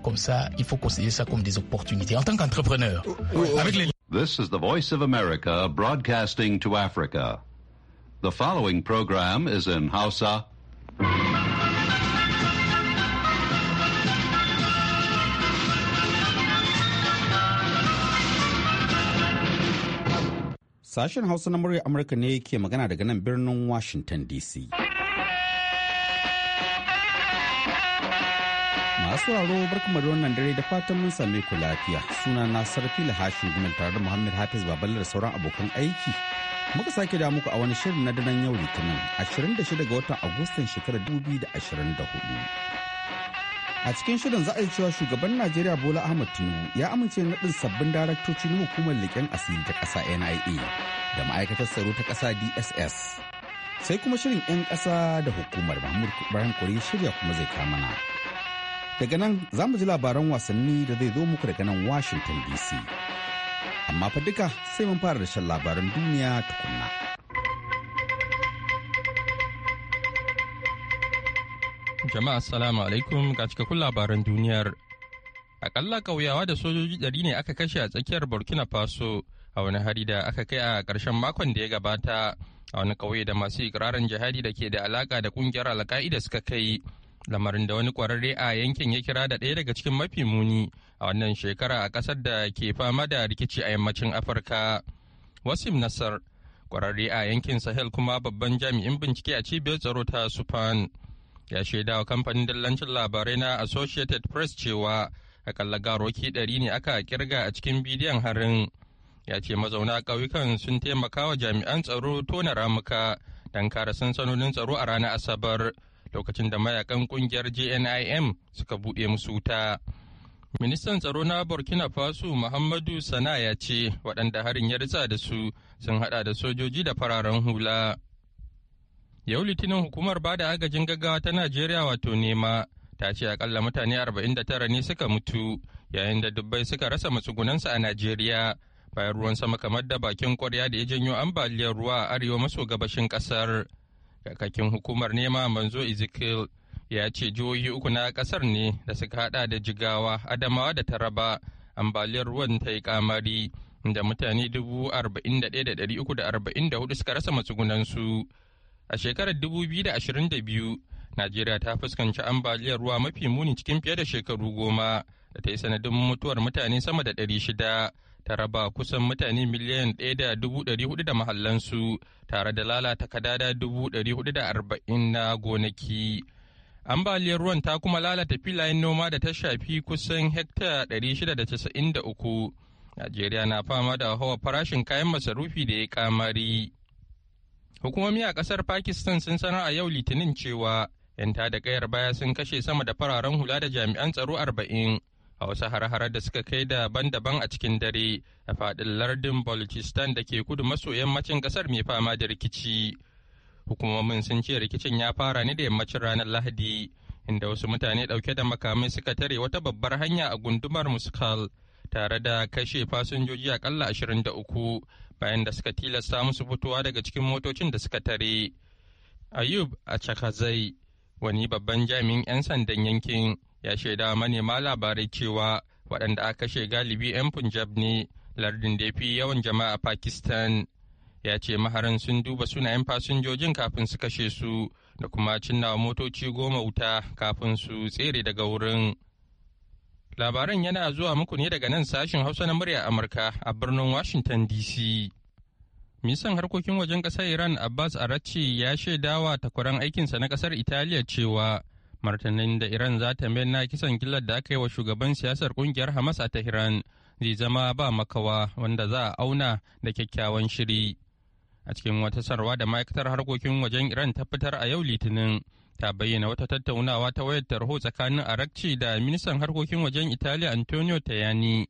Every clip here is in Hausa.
comme ça, il faut considérer ça comme des opportunités en tant qu'entrepreneur. les... This is the Voice of America broadcasting to Africa. The following program is in Hausa. Sashen Hausa na murya Amurka ne ke magana daga nan birnin Washington DC. sauraro raro da wannan dare da fatan mun same ku lafiya suna na sarfi hashin gumin tare da muhammad hafiz babalar da sauran abokan aiki muka sake da muku a wani shirin na daren yau litinin 26 ga watan agustan shekarar 2024 a cikin shirin za a yi cewa shugaban najeriya bola ahmad tinubu ya amince naɗin sabbin daraktoci na hukumar leƙen asiri ta ƙasa nia da ma'aikatar tsaro ta ƙasa dss sai kuma shirin 'yan ƙasa da hukumar mahmud ibrahim kore shirya kuma zai kama na Daga nan za mu ji labaran wasanni da zai zo muku daga nan Washington DC. Amma fa duka sai mun fara da shan labaran duniya tukunna. Jama'a assalamu alaikum ga cikakkun labaran duniyar. Akalla ƙauyawa da sojoji ɗari ne aka kashe a tsakiyar Burkina Faso a wani hari da aka kai a ƙarshen makon da ya gabata a wani ƙauye da masu ikirarin jihadi da ke da alaka da ƙungiyar alka'ida suka kai. lamarin da wani kwararre a yankin ya kira da ɗaya daga cikin mafi muni a wannan shekara a ƙasar da ke fama da rikici a yammacin afirka wasim nasar kwararre a yankin sahel kuma babban jami'in bincike a cibiyar tsaro ta sufan ya shaida wa kamfanin dillancin labarai na associated press cewa akalla garoki ɗari ne aka kirga a cikin bidiyon harin ya ce mazauna ƙauyukan sun taimaka wa jami'an tsaro tona ramuka don kare sansanonin tsaro a ranar asabar lokacin da mayakan kungiyar jnim suka buɗe musu wuta ministan tsaro na burkina faso muhammadu sana ya ce waɗanda harin ya ritsa da su sun haɗa da sojoji da fararen hula yau litinin hukumar ba da agajin gaggawa ta najeriya wato nema ta ce akalla mutane 49 ne suka mutu yayin da dubbai suka rasa matsugunansa a najeriya bayan ruwan sama kamar da bakin kwarya da ya janyo ambaliyar ruwa a arewa maso gabashin ƙasar. kakakin hukumar nema manzo ezekiel ya ce jihohi uku na kasar ne da suka hada da jigawa adamawa da taraba ambaliyar ruwan ta yi kamari da mutane 41,344 suka rasa matsugunansu a shekarar 2022 najeriya ta fuskanci ambaliyar ruwa mafi muni cikin fiye da shekaru goma da ta yi sanadin mutuwar mutane sama da 600 ta raba kusan mutane miliyan ɗaya da dubu ɗari hudu da mahallansu tare da lalata kadada dubu ɗari hudu da arba'in na gonaki. Ambaliyar ruwan ta kuma lalata filayen noma da ta shafi kusan hekta ɗari shida da casa'in da uku. Najeriya na fama da hawa farashin kayan masarufi da ya kamari. Hukumomi a ƙasar Pakistan sun sanar a yau Litinin cewa 'yan da kayar baya sun kashe sama da fararen hula da jami'an tsaro arba'in a wasu har-hare da suka kai daban-daban a cikin dare a faɗin lardin balochistan da ke kudu maso yammacin ƙasar mai fama da rikici hukumomin sun ce rikicin ya fara ne da yammacin ranar lahadi inda wasu mutane ɗauke da makamai suka tare wata babbar hanya a gundumar muskal tare da kashe fasinjoji akalla uku bayan da suka tilasta musu fitowa daga cikin motocin da suka tare ayub a chakazai wani babban jami'in 'yan sandan yankin ya shaida manema labarai cewa waɗanda aka kashe galibi 'yan punjab ne lardin da fi yawan jama'a pakistan ya ce maharan sun duba sunayen fasinjojin kafin su kashe su da kuma cinnawa motoci goma wuta kafin su tsere daga wurin labaran yana zuwa muku ne daga nan sashen hausa na murya amurka a birnin washington dc Ministan harkokin wajen ƙasar Iran Abbas Arachi ya shaidawa takwaran aikinsa na ƙasar Italiya cewa martanin da iran za ta mayar na kisan gillar da aka yi wa shugaban siyasar kungiyar hamas a tehran zai zama ba makawa wanda za a auna da kyakkyawan shiri a cikin wata sarwa da ma'aikatar harkokin wajen iran ta fitar a yau litinin ta bayyana wata tattaunawa ta wayar tarho tsakanin arakci da ministan harkokin wajen italiya antonio tayani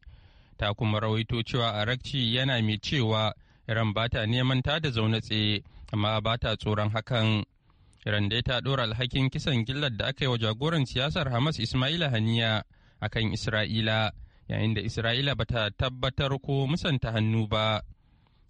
ta kuma rawaito cewa arakci yana mai cewa iran ba ta neman ta da zaune tsaye amma ba ta tsoron hakan Iran dai ta ɗora alhakin kisan gillar da aka yi wa jagoran siyasar Hamas Ismaila Haniya a kan Isra'ila, yayin da Isra'ila ba ta tabbatar ko musanta hannu ba.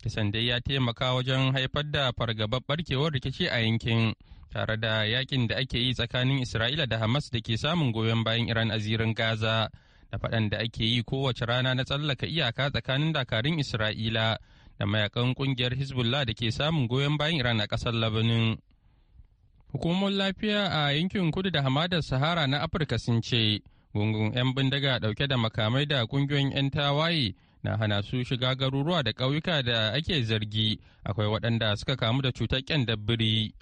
Kisan dai ya taimaka wajen haifar da fargabar barkewar rikici a yankin, tare da yakin da ake yi tsakanin Isra'ila da Hamas da ke samun goyon bayan Iran a zirin Gaza, da faɗan da ake yi kowace rana na tsallaka iyaka tsakanin dakarun Isra'ila. da mayakan kungiyar hezbollah da ke samun goyon bayan iran a ƙasar labanin Hukumomin lafiya a yankin kudu da hamadar Sahara na Afirka sun ce gungun 'yan bindiga ɗauke da makamai da ƙungiyoyin 'yan tawaye na hana su shiga garuruwa da ƙauyuka da ake zargi akwai waɗanda suka kamu da cutar dabbiri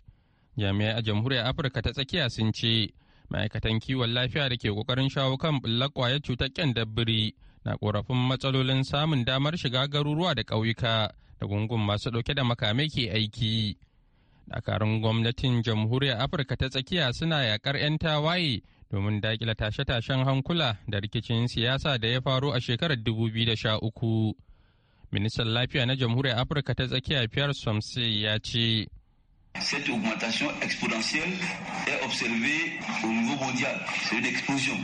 Jami'ai a jamhuriyar Afirka ta tsakiya sun ce ma'aikatan kiwon lafiya da ke kokarin shawo kan bullar ƙwayar cutar dabbiri na ƙorafin matsalolin samun damar shiga garuruwa da ƙauyuka da gungun masu ɗauke da makamai ke aiki. dakarun gwamnatin jamhuriyar afirka ta tsakiya suna yakar 'yan tawaye domin dakila tashe-tashen hankula da rikicin siyasa da ya faru a shekarar 2013 ministan lafiya na jamhuriyar afirka ta tsakiya pierre somse ya ce Cette augmentation exponentielle est observée au niveau mondial. C'est une explosion.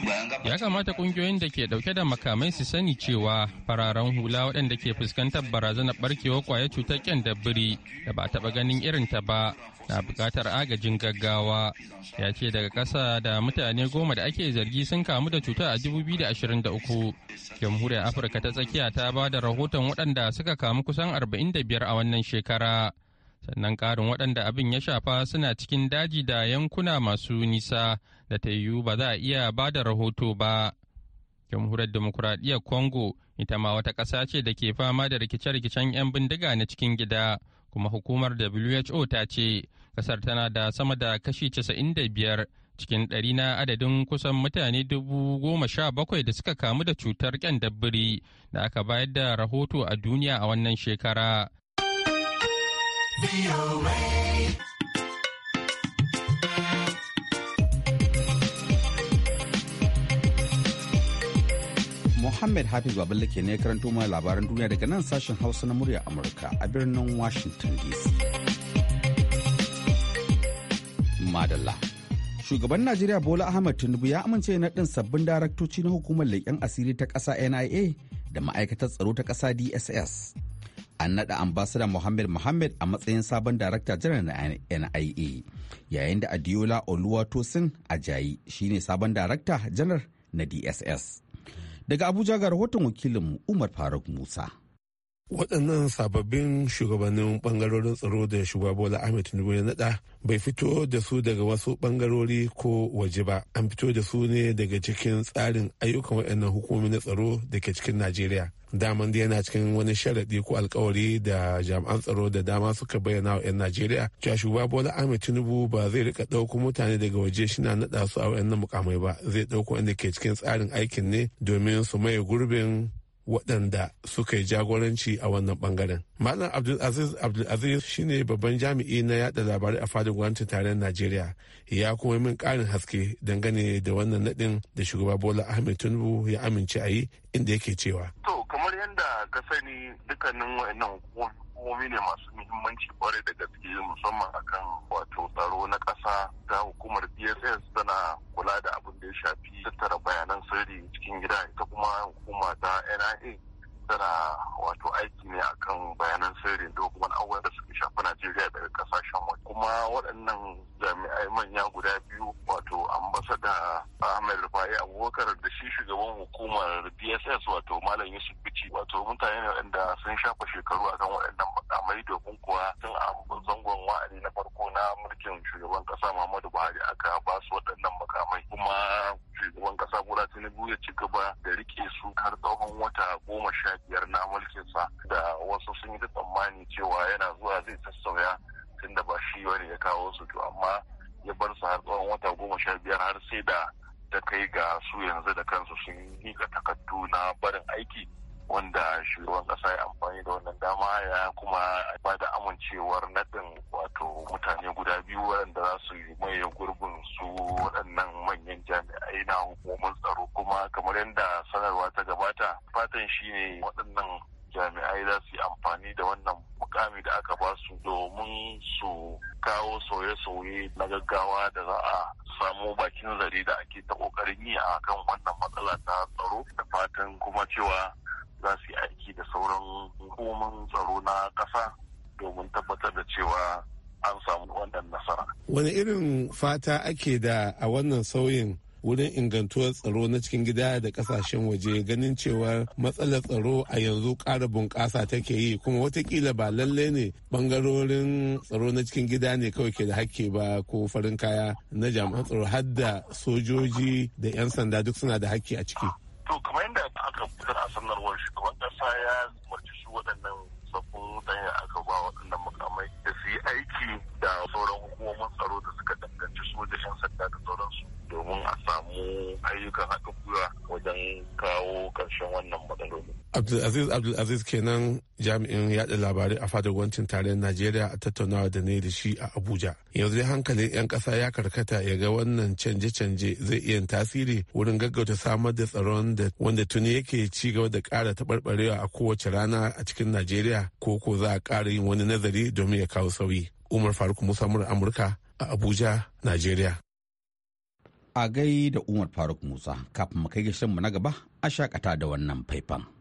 Ya kamata kungiyoyin da ke dauke da makamai su sani cewa fararen hula waɗanda ke fuskantar barazanar barkewar kwayar cutar kyan biri da ba taɓa ganin irin ta ba na buƙatar agajin gaggawa. Ya ce daga ƙasa da mutane goma da ake zargi sun kamu da cutar a 2023. Jamhuriyar Afirka ta tsakiya ta ba da rahoton waɗanda suka kamu kusan 45 a wannan shekara. sannan karin waɗanda abin ya shafa suna cikin daji da yankuna masu nisa da ta yiwu ba za a iya ba da rahoto ba jamhuriyar demokuraɗiyyar congo ita ma wata ƙasa ce da ke fama da rikice-rikicen 'yan bindiga na cikin gida kuma hukumar who ta ce ƙasar tana da sama da kashi casa'in da biyar cikin ɗari na adadin kusan mutane dubu goma sha bakwai da suka kamu da cutar ƙyandabbiri da aka bayar da rahoto a duniya a wannan shekara Muhammad Hafiz Baballe ke ne karanto mana labaran duniya daga nan sashen Hausa na murya Amurka a birnin Washington DC. Madalla. Shugaban Najeriya Bola Ahmed Tinubu ya amince na ɗin sabbin daraktoci na hukumar leƙen asiri ta ƙasa NIA da ma'aikatar tsaro ta ƙasa DSS. an naɗa ambasada Mohammed Mohammed a matsayin sabon darakta janar na NIA yayin da Adiola Oluwatosin Ajayi shine sabon darakta janar na DSS. Daga Abuja ga rahoton wakilinmu Umar Faruk Musa. waɗannan sababbin shugabannin ɓangarorin tsaro da shugaba bola ahmed tinubu ya naɗa bai fito da su daga wasu ɓangarori ko waje ba an fito da su ne daga cikin tsarin ayyukan waɗannan hukumomi na tsaro da ke cikin najeriya daman da yana cikin wani sharaɗi ko alkawari da jami'an tsaro da dama suka bayyana wa 'yan najeriya cewa shugaba bola ahmed tinubu ba zai rika ɗauko mutane daga waje shina naɗa su a waɗannan mukamai ba zai ɗauko wanda ke cikin tsarin aikin ne domin su maye gurbin waɗanda suka yi jagoranci a wannan bangaren. Malam Abdulaziz Abdulaziz shine babban jami'i na yada labarai a fadin gwamnatin tarayyar Najeriya ya kuma min ƙarin haske dangane da wannan naɗin da shugaba Bola Ahmed Tinubu ya amince a yi inda yake cewa. To kamar yadda ka sani dukkanin wa'annan hukumomi ne masu muhimmanci kwarai da gaske musamman akan wato tsaro na ƙasa ta hukumar DSS tana kula da abin da ya shafi tattara bayanan sirri cikin gida ita kuma hukuma ta nia tana wato aiki ne akan bayanan sirri da kuma abubuwan da suka shafi najeriya daga kasashen waje kuma waɗannan jami'ai manya guda biyu wato amma Ahmed Rufai Abubakar da shi shugaban hukumar DSS wato Malam Yusuf Bichi wato mutane ne wanda sun shafa shekaru akan waɗannan makamai domin kuwa sun zangon wa'adi na farko na mulkin shugaban ƙasa Muhammadu Buhari aka ba su waɗannan makamai kuma shugaban ƙasa Bola Tinubu ya ci gaba da rike su har tsawon wata goma sha biyar na mulkinsa da wasu sun yi tsammani cewa yana zuwa zai sassauya tunda ba shi wani ya kawo su to amma ya bar su har tsawon wata goma sha biyar har sai da ta kai ga su yanzu da kansu sun yi ga takardu na barin aiki wanda shugaban kasa ya amfani da wannan dama ya kuma ba da amincewar nadin wato mutane guda biyu waɗanda za su yi maye gurbin su waɗannan manyan jami'ai na hukumomin tsaro kuma kamar yadda sanarwa ta gabata fatan shine waɗannan jami'ai za su sauye na gaggawa da za a samu bakin zare da ake ta kokarin yi a kan wannan matsala ta tsaro da fatan kuma cewa za su yi aiki da sauran hukumomin tsaro na ƙasa domin tabbatar da cewa an samu wannan nasara. Wani irin fata ake da a wannan sauyin wurin ingantuwar tsaro na cikin gida da kasashen waje ganin cewa matsalar tsaro a yanzu ƙara bunƙasa take yi kuma watakila ba lallai ne bangarorin tsaro na cikin gida ne kawai ke da hakke ba ko farin kaya na jami'an tsaro har da sojoji da 'yan sanda duk suna da hakki a ciki. To kamar yadda aka a sanarwar shugaban ƙasa ya Abdulaziz Abdulaziz kenan jami'in yaɗa labarai a fadar gwancin tarayyar Najeriya a tattaunawa da ne da shi a Abuja. Yanzu dai hankalin 'yan ƙasa ya karkata ya ga wannan canje-canje zai iya tasiri wurin gaggauta samar da tsaron da wanda tuni yake ci gaba da ƙara taɓarɓarewa a kowace rana a cikin Najeriya ko ko za a ƙara yin wani nazari domin ya kawo sauyi. Umar Faruk Musa Amurka a Abuja, Najeriya. A gai da Umar Faruk Musa kafin mu kai mu na gaba a shakata da wannan faifan.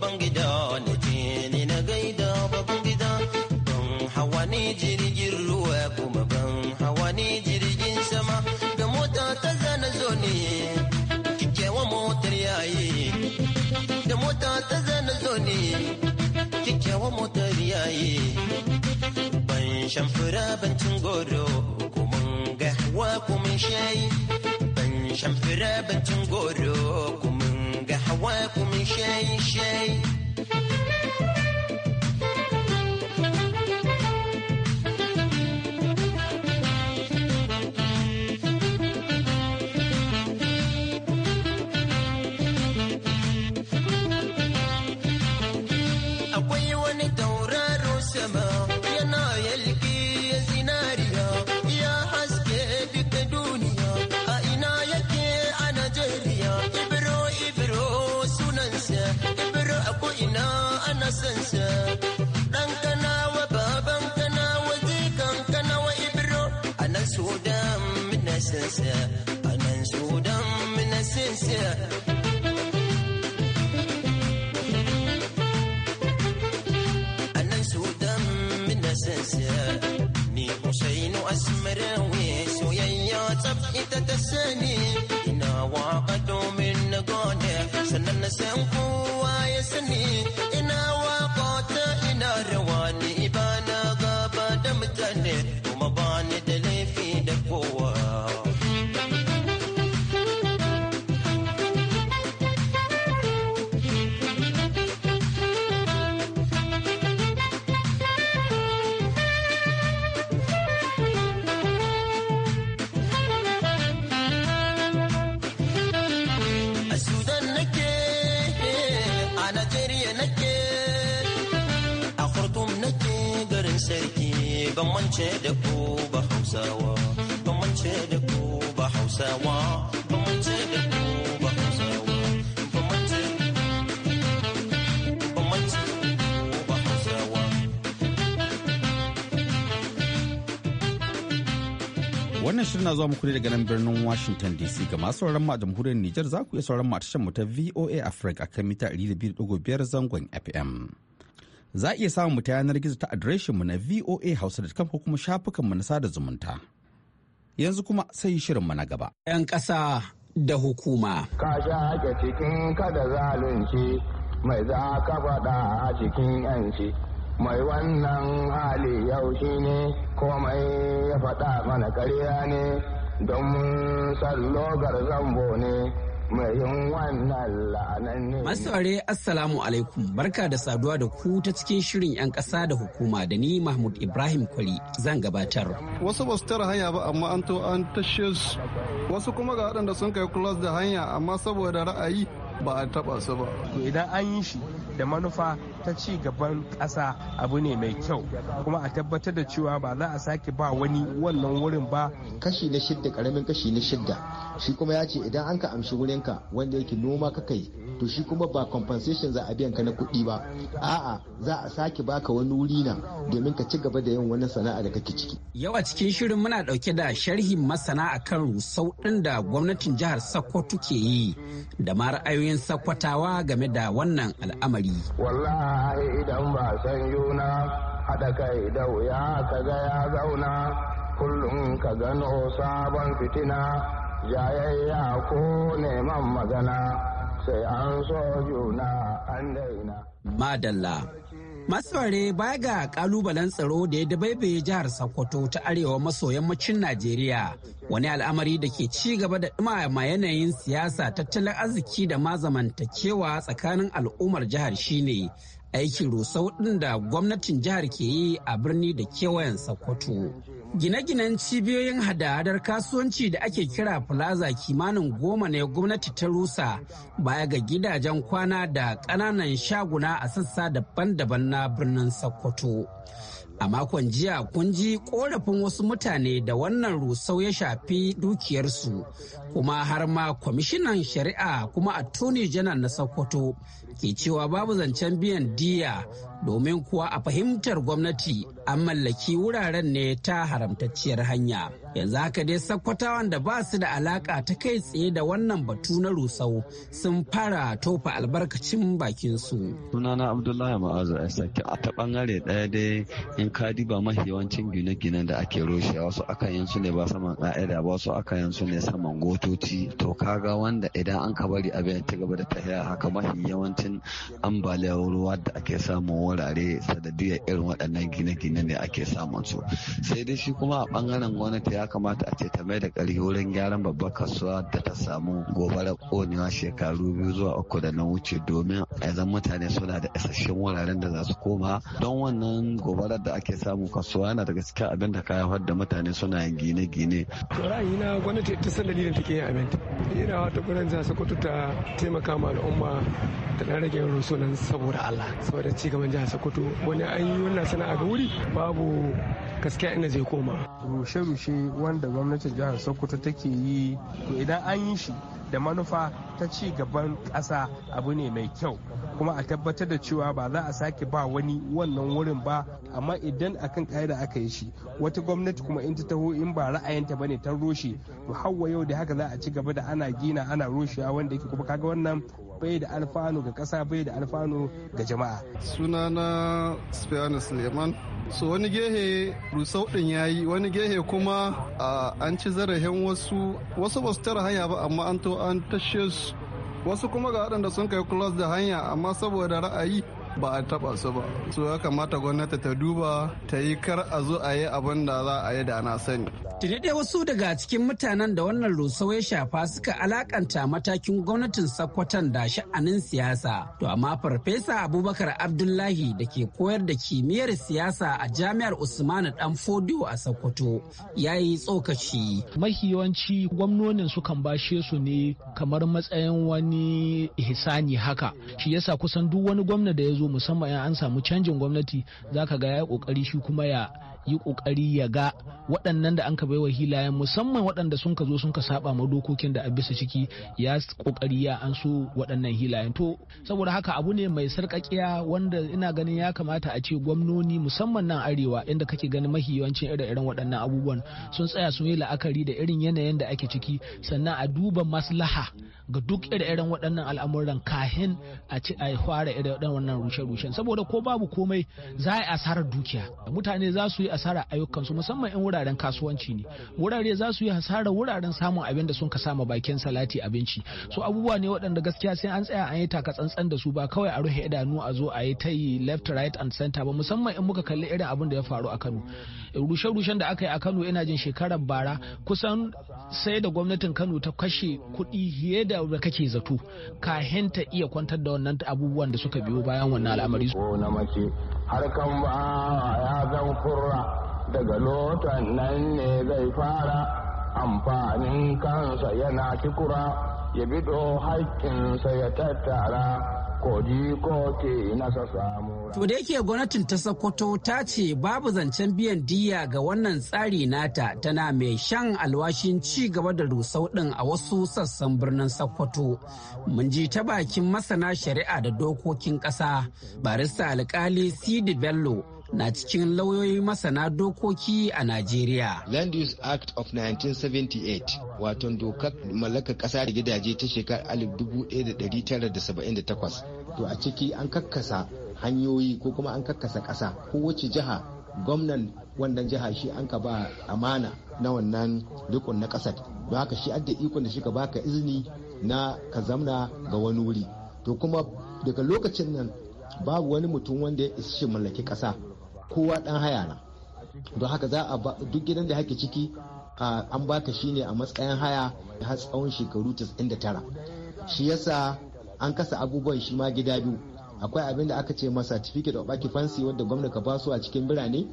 babban gida na ce ni na gaida babban gida ban hawa ni jirgin ruwa kuma ban hawa ni jirgin sama da mota ta zana zo ne kikewa motar yayi da mota ta zana zo ne kikewa motar yayi ban shan fura ban cin goro kuma ga hawa kuma shayi ban shan fura ban cin goro kuma قهواك ومن شاي شاي Yeah. hausawa ba mance da ku ba hausawa ba mance da ku ba hausawa ba mance ba mance ba hausawa wannan shirin na zuwa muku ne daga nan birnin Washington DC ga masu sauraron mu a jamhuriyar Niger za ku iya sauraron mu a tashar mu ta VOA Africa kan mita 102.5 zangon FM. za a iya samun mu ta yanar gizo ta adireshin mu na voa hausa da ko kuma shafukanmu na sada zumunta. Yanzu kuma sai mu na gaba. 'Yan ƙasa da hukuma. Ka sha ake cikin kada zalunci mai za ka faɗa a cikin 'yanci. Mai wannan hali yau shi ne komai ya faɗa mana karya ne don sallo zambo ne. Masaure Assalamu alaikum barka da saduwa da ku ta cikin shirin 'yan ƙasa da hukuma da ni Mahmud Ibrahim Kwari zan gabatar. Wasu ba su tara hanya ba amma an to an tashe su wasu kuma ga waɗanda sun kai kulas da hanya amma saboda ra'ayi ba a taɓa su ba. Idan an yi shi da manufa ta ci gaban ƙasa abu ne mai kyau kuma a tabbatar da cewa ba za a sake ba wani wannan wurin ba kashi na shidda karamin kashi na shidda shi kuma ya ce idan an ka amshi ka wanda yake noma ka kai to shi kuma ba compensation za a biyan ka na kuɗi ba a'a za a sake baka wani wuri na domin ka ci gaba da yin wannan sana'a da kake ciki yau a cikin shirin muna dauke da sharhin masana akan rusau din da gwamnatin jihar Sokoto ke yi da ma ra'ayoyin sakkwatawa game da wannan al'amari wallahi idan ba san yuna haɗa kai da wuya ka ga ya zauna kullum ka gano sabon fitina jayayya ko neman magana sai an so yuna an daina. Madalla Masfare baya ga kalubalen tsaro da ya dabaibaye jihar Sokoto ta arewa maso yammacin Najeriya wani al'amari da ke ci gaba da ɗumama yanayin siyasa tattalin arziki da ma zamantakewa tsakanin al'ummar jihar shine aikin rusau ɗin da gwamnatin jihar ke yi a birni da kewayen Sokoto. Gine-ginen cibiyoyin hada-hadar kasuwanci da ake kira plaza kimanin goma ne gwamnati ta rusa baya ga gidajen kwana da ƙananan shaguna a sassa daban-daban na birnin Sokoto. A makon jiya kun ji korafin wasu mutane da wannan rusau ya shafi dukiyarsu, kuma har ma kwamishinan shari'a kuma a attorney janar na Sokoto ke cewa babu zancen biyan diya domin kuwa a fahimtar gwamnati an mallaki wuraren ne ta haramtacciyar hanya yanzu haka dai sakkwatawan da ba su da alaka ta kai tsaye da wannan batu na rusau sun fara tofa albarkacin bakin su sunana abdullahi ma'azu sake a ta bangare daya dai in ka diba mafi yawancin gine-ginen da ake rushe wasu akan yansu ne ba saman ka'ida wasu akan yansu ne saman gotoci to kaga wanda idan an ka bari abin ya ci gaba da tafiya haka mahi yawancin yawancin ambaliyar ruwa da ake samun wurare sadadiyar irin waɗannan gine-gine ne ake samun su sai dai shi kuma a ɓangaren gwamnati ya kamata a ce ta mai da ƙarfi wurin gyaran babbar kasuwa da ta samu gobarar ƙonewa shekaru biyu zuwa uku da na wuce domin a yanzu mutane suna da isasshen wuraren da za su koma don wannan gobarar da ake samu kasuwa yana daga cikin abin da ka haifar da mutane suna yin gine-gine. to ra'ayina gwamnati ta san ta take yin abin ina wata gwamnati za su ta taimaka ma al'umma da na rage yawan sunan saboda Allah saboda ci gaban jihar Sokoto wani an yi wannan sana'a ga wuri babu gaskiya ina zai koma rushe-rushe wanda gwamnatin jihar Sokoto take yi to idan an yi shi da manufa ta ci gaban ƙasa abu ne mai kyau kuma a tabbatar da cewa ba za a sake ba wani wannan wurin ba amma idan akan ka'ida aka yi shi wata gwamnati kuma in ta taho in ba ra'ayinta bane ta roshe to hawa yau da haka za a ci gaba da ana gina ana roshewa wanda yake kuma kaga wannan bai da alfanu ga ƙasa bai da alfanu ga jama'a sunana spiano suleiman so wani gehe rusau din yayi wani gehe kuma an ci zarafin wasu wasu ba su tara hanya ba amma an to an tashe su wasu kuma ga waɗanda sun kai close da hanya amma saboda ra'ayi ba a taba su ba so ya kamata gwamnati ta duba ta yi kar a zo a yi abin da za a yi da na sani Tuni wasu daga cikin mutanen da wannan rusau ya shafa suka alakanta matakin gwamnatin sakwatan da sha'anin siyasa. To amma Farfesa Abubakar Abdullahi da ke koyar da kimiyyar siyasa a Jami'ar Usmanu Dan Fodiyo a Sokoto ya yi tsokaci. Mahi yawanci gwamnonin sukan bashe su ne kamar matsayin wani ihsani haka. Shi yasa kusan duk wani gwamna da ya zo musamman an samu canjin gwamnati zaka ga ya kokari shi kuma ya yi kokari ya ga waɗannan da an ka baiwa hilayen musamman waɗanda sun ka zo sun ka saba ma dokokin da a bisa ciki ya kokari ya an so waɗannan hilayen to saboda haka abu ne mai sarƙaƙiya wanda ina ganin ya kamata a ce gwamnoni musamman nan arewa inda kake ganin mahi yawancin ire-iren waɗannan abubuwan sun tsaya sun yi la'akari da irin yanayin da ake ciki sannan a duba maslaha ga duk ire-iren waɗannan al'amuran kahin a ci a fara ire-iren wannan rushe-rushen saboda ko babu komai za a asarar dukiya mutane za su yi asara asarar ayyukansu musamman in wuraren kasuwanci ne wurare za su yi hasara wuraren samun abin da sun ka sama bakin salati abinci so abubuwa ne waɗanda gaskiya sai an tsaya an yi taka tsantsan da su ba kawai a ruhe idanu a zo a yi ta yi left right and center ba musamman in muka kalli irin abin da ya faru a Kano rushe-rushen da aka yi a Kano ina jin shekarar bara kusan sai da gwamnatin Kano ta kashe kuɗi fiye da kake zato ka ta iya kwantar da wannan abubuwan da suka biyo bayan wannan al'amari. har harkan ba ya zan kurra daga lotan nan ne zai fara amfanin kansa yana kikura ya bido haƙƙinsa ya tattara ko ke nasa samu To da yake gwamnatin ta Sokoto ta ce babu zancen biyan diya ga wannan tsari nata tana mai shan alwashin ci gaba da rusau din a wasu sassan birnin Sokoto. Mun ji ta bakin masana shari'a da dokokin ƙasa, barista alkali Sidi Bello na cikin lauyoyi masana dokoki a Najeriya. Land Use Act of 1978 wato dokar mallakar ƙasa da gidaje ta shekarar 1978 to a ciki an kakkasa hanyoyi ko kuma an kakkasa ƙasa wacce jiha gwamnan wannan jiha shi an ka ba amana na wannan rikon na ƙasar don haka shi adda ikon da shi ka baka izini na ka zamna ga wani wuri to kuma daga lokacin nan babu wani mutum wanda ya isa mallaki ƙasa kowa dan haya na don haka za a ba duk gidan da hake ciki an baka shi ne a matsayin haya har tsawon shekaru 99 shi yasa an kasa abubuwan shi ma gida biyu akwai abin da aka ce ma certificate of occupancy wadda gwamnati ka basu a cikin birane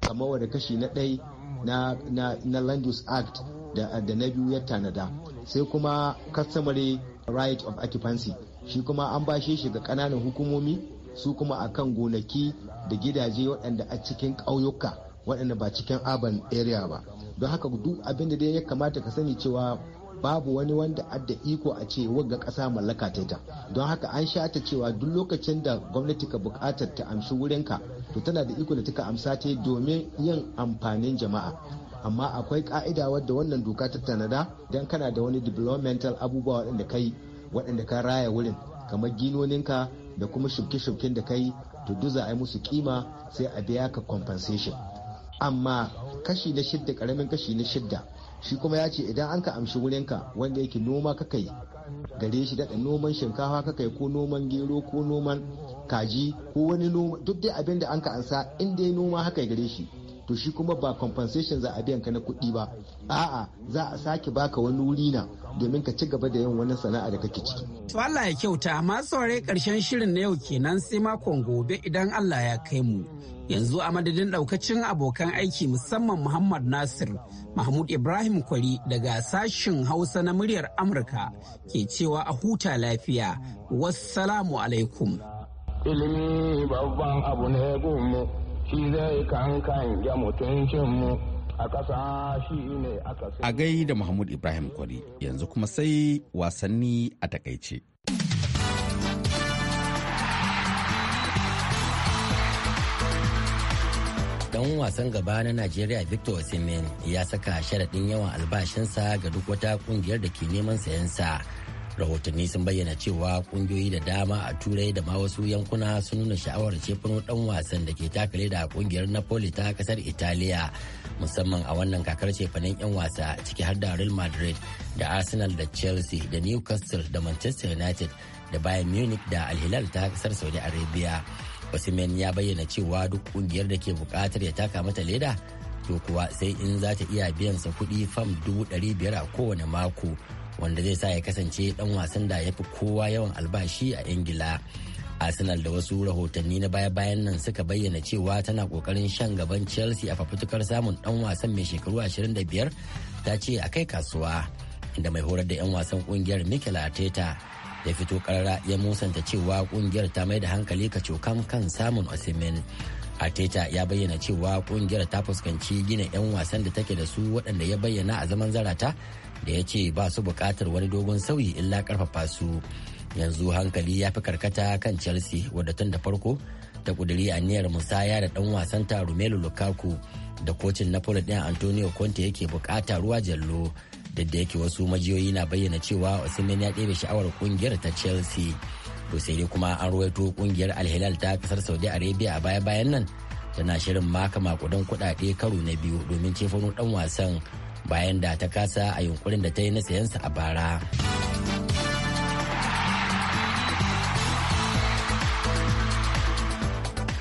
kamar wadda kashi na ɗai na, na, na land use act da, da na biyu ya tanada sai kuma customary right of occupancy shi kuma an bashe shi ga ƙananan hukumomi su kuma akan gonaki da gidaje waɗanda a cikin ƙauyuka waɗanda ba cikin urban area ba don haka duk abin da dai ya kamata ka sani cewa babu wani wanda adda iko a ce wagga ƙasa mallaka ta ta don haka an sha ta cewa duk lokacin da gwamnati ka buƙatar ta amshi wurinka to tana da iko da ta amsa ta domin yin amfanin jama'a amma akwai ka'ida wadda wannan doka ta tanada don kana da wani developmental abubuwa waɗanda kai waɗanda ka raya wurin kamar ginoninka da kuma shuke-shuken da kai to duza a yi musu kima sai a biya ka compensation amma kashi na shidda karamin kashi na shidda shi kuma ya ce idan an ka amshi ka wanda yake noma kakai gare shi daɗa noman shinkafa kakai ko noman gero ko noman kaji ko wani noma duk dai abinda da an ka ansa inda dai noma haka gare shi to shi kuma ba compensation za a biyan ka na kuɗi ba a'a za a sake baka wani wuri na domin ka ci gaba da yin wani sana'a da kake ciki to Allah ya kyauta amma saurayi karshen shirin na yau kenan sai makon gobe idan Allah ya kai mu yanzu a madadin daukacin abokan aiki musamman Muhammad Nasir Mahmud Ibrahim Kwari daga sashin Hausa na muryar Amurka ke cewa a huta lafiya wassalamu alaikum ilimi babban abu ne gumu shi zai kankan ya mutuncinmu a ƙasa shi ne aka A gai da Mahmud Ibrahim Kwari yanzu kuma sai wasanni a takaice. dan wasan gaba na Najeriya Victor Osimhen ya saka sharaɗin yawan albashinsa ga duk wata ƙungiyar da ke neman sayan sa rahotanni sun bayyana cewa kungiyoyi da dama a turai da ma wasu yankuna sun nuna sha'awar cefin dan wasan da ke takale da kungiyar napoli ta kasar italiya musamman a wannan kakar cefanen 'yan wasa ciki har da real madrid da arsenal da chelsea da newcastle da manchester united da bayan munich da alhilal ta kasar saudi arabia osimhen ya bayyana cewa duk kungiyar da ke bukatar ya taka mata leda to kuwa sai in za ta iya biyan sa kuɗi fam dubu ɗari biyar a kowane mako wanda zai sa ya kasance dan wasan da ya fi kowa yawan albashi a ingila arsenal da wasu rahotanni na baya-bayan nan suka bayyana cewa tana kokarin shan gaban chelsea a fafutukar samun dan wasan mai shekaru 25 ta ce a kai kasuwa inda mai horar da 'yan wasan kungiyar mikel arteta ya fito karara ya musanta cewa kungiyar ta mai da hankali ka cokan kan samun osimhen arteta ya bayyana cewa kungiyar ta fuskanci gina 'yan wasan da take da su waɗanda ya bayyana a zaman zarata da ya ce ba su buƙatar wani dogon sauyi illa karfafa su yanzu hankali ya fi karkata kan chelsea wadda tun da farko ta ƙudiri aniyar musaya da ɗan wasanta romelu lukaku da kocin napoli din antonio conte yake bukata ruwa jallo da da yake wasu majiyoyi na bayyana cewa osimhen ya ɗebe sha'awar kungiyar ta chelsea to sai dai kuma an ruwaito kungiyar alhilal ta kasar saudi arabia a baya-bayan nan tana shirin maka makudan kudade karo na biyu domin cefano dan wasan bayan da ta kasa a yunkurin da ta yi na sayansa a bara.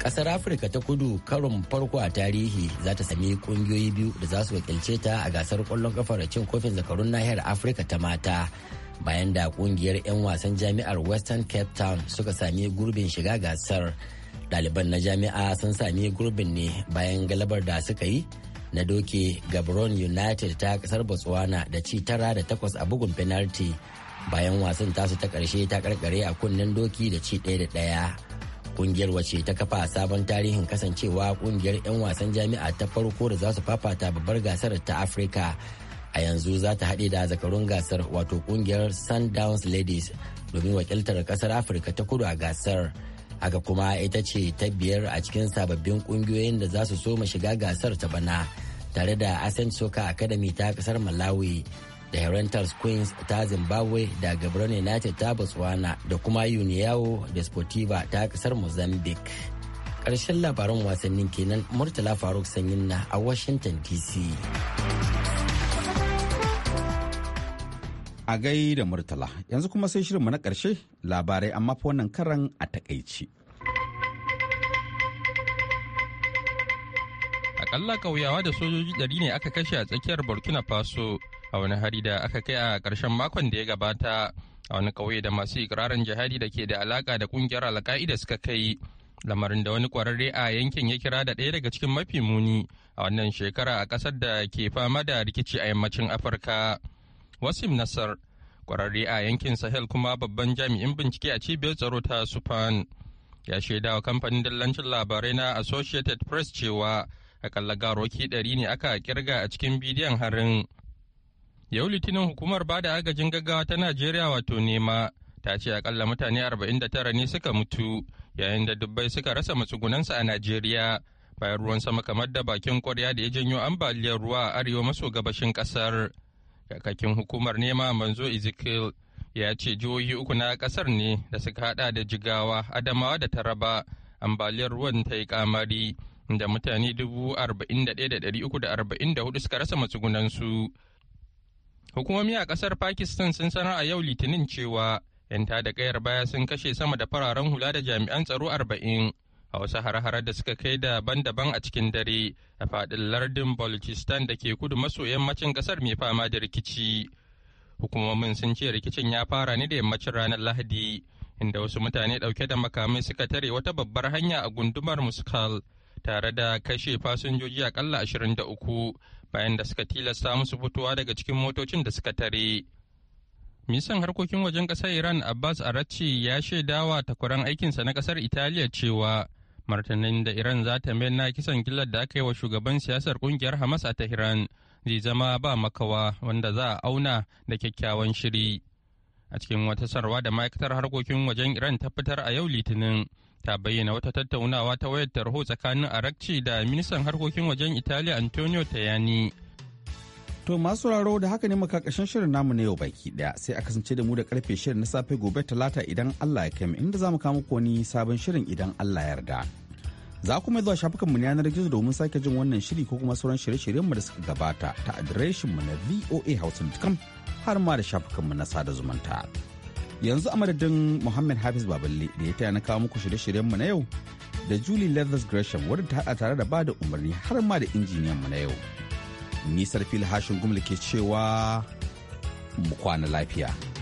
kasar afirka ta kudu karon farko a tarihi za ta sami kungiyoyi biyu da za su wakilce ta a gasar kwallon kafar cin kofin zakarun nahiyar afirka ta mata bayan da kungiyar 'yan wasan jami'ar western cape town suka sami gurbin shiga gasar daliban na jami'a sun sami gurbin ne bayan galabar da suka yi na doke gabron united ta kasar botswana da ci tara da takwas a bugun penalty bayan wasan tasu ta karshe ta karkare a kunnen doki da ci daya da ɗaya kungiyar wace ta kafa sabon tarihin kasancewa kungiyar 'yan wasan jami'a ta farko da za su fafata babbar gasar ta afirka a yanzu za ta haɗe da zakarun gasar wato kungiyar sundowns ladies domin wakiltar kasar afirka ta kudu a gasar haka kuma ita ce ta biyar a cikin sababbin kungiyoyin da za su soma shiga gasar ta bana tare da Ascent Soccer Academy ta kasar Malawi da Rentals Queens ta Zimbabwe da Gabron United ta Botswana da kuma da sportiva ta kasar Mozambique. karshen labaran wasannin kenan Murtala Faruk Sanyin na a Washington DC. A gai da Murtala, yanzu kuma sai shirinmu na ƙarshe labarai amma fa wannan karan a takaici. akalla kauyawa da sojoji ɗari ne aka kashe a tsakiyar burkina faso a wani hari da aka kai a ƙarshen makon da ya gabata a wani ƙauye da masu ikirarin jihadi da ke da alaƙa da ƙungiyar alƙa'ida suka kai lamarin da wani ƙwararre a yankin ya kira da ɗaya daga cikin mafi muni a wannan shekara a ƙasar da ke fama da rikici a yammacin afirka wasim nasar ƙwararre a yankin sahel kuma babban jami'in bincike a cibiyar tsaro ta sufan ya shaidawa kamfanin dillancin labarai na associated press cewa akalla garoki ɗari ne aka kirga a cikin bidiyon harin yau litinin hukumar bada agajin gaggawa ta najeriya wato nema ta ce akalla mutane 49 ne suka mutu yayin da dubbai suka rasa matsugunansu a najeriya bayan ruwan sama kamar da bakin kwarya da ya janyo ambaliyar ruwa a arewa maso gabashin kasar kakakin hukumar nema manzo ezekiel ya ce jihohi uku na kasar ne da suka hada da jigawa adamawa da taraba ambaliyar ruwan ta yi kamari da mutane 41,344 suka rasa matsugunansu. Hukumomi a ƙasar Pakistan sun sanar a yau Litinin cewa 'yan da ƙayar baya sun kashe sama da fararen hula da jami'an tsaro arba'in, a wasu har da suka kai daban-daban a cikin dare a faɗin lardin Balochistan da ke kudu maso yammacin ƙasar mai fama da rikici. Hukumomin sun ce rikicin ya fara ne da yammacin ranar Lahadi, inda wasu mutane ɗauke da makamai suka tare wata babbar hanya a gundumar Muskal. tare da kashe fasinjoji akalla 23 bayan da suka tilasta musu fitowa daga cikin motocin da suka tare. Misan harkokin wajen ƙasar Iran Abbas Arachi ya shaidawa takwaran aikinsa na ƙasar Italiya cewa martanin da Iran za ta mayar na kisan gillar da aka yi wa shugaban siyasar ƙungiyar Hamas a Tehran zai zama ba makawa wanda za a auna da kyakkyawan shiri. A cikin wata sarwa da ma'aikatar harkokin wajen Iran ta fitar a yau Litinin, ta bayyana wata tattaunawa ta wayar tarho tsakanin Arakci da ministan harkokin wajen Italiya Antonio tayani. To masu raro da haka ne makakashin shirin namu na yau baki daya sai a kasance da mu da karfe shirin na safe gobe talata idan Allah ya kai inda za mu kama koni sabon shirin idan Allah ya yarda. Za kuma zuwa shafukan mu yanar gizo domin sake jin wannan shiri ko kuma sauran shirye-shiryen mu da suka gabata ta adireshin mu na voahouse.com har ma da shafukan mu na sada zumunta. yanzu a madadin muhammad hafiz baballe da ya taya na kawo muku shirye-shiryenmu na yau da julie leathers gresham wadda ta hada tare da bada umarni har ma da injiniyanmu na yau nisar fil hashin gumla ke cewa mu kwana lafiya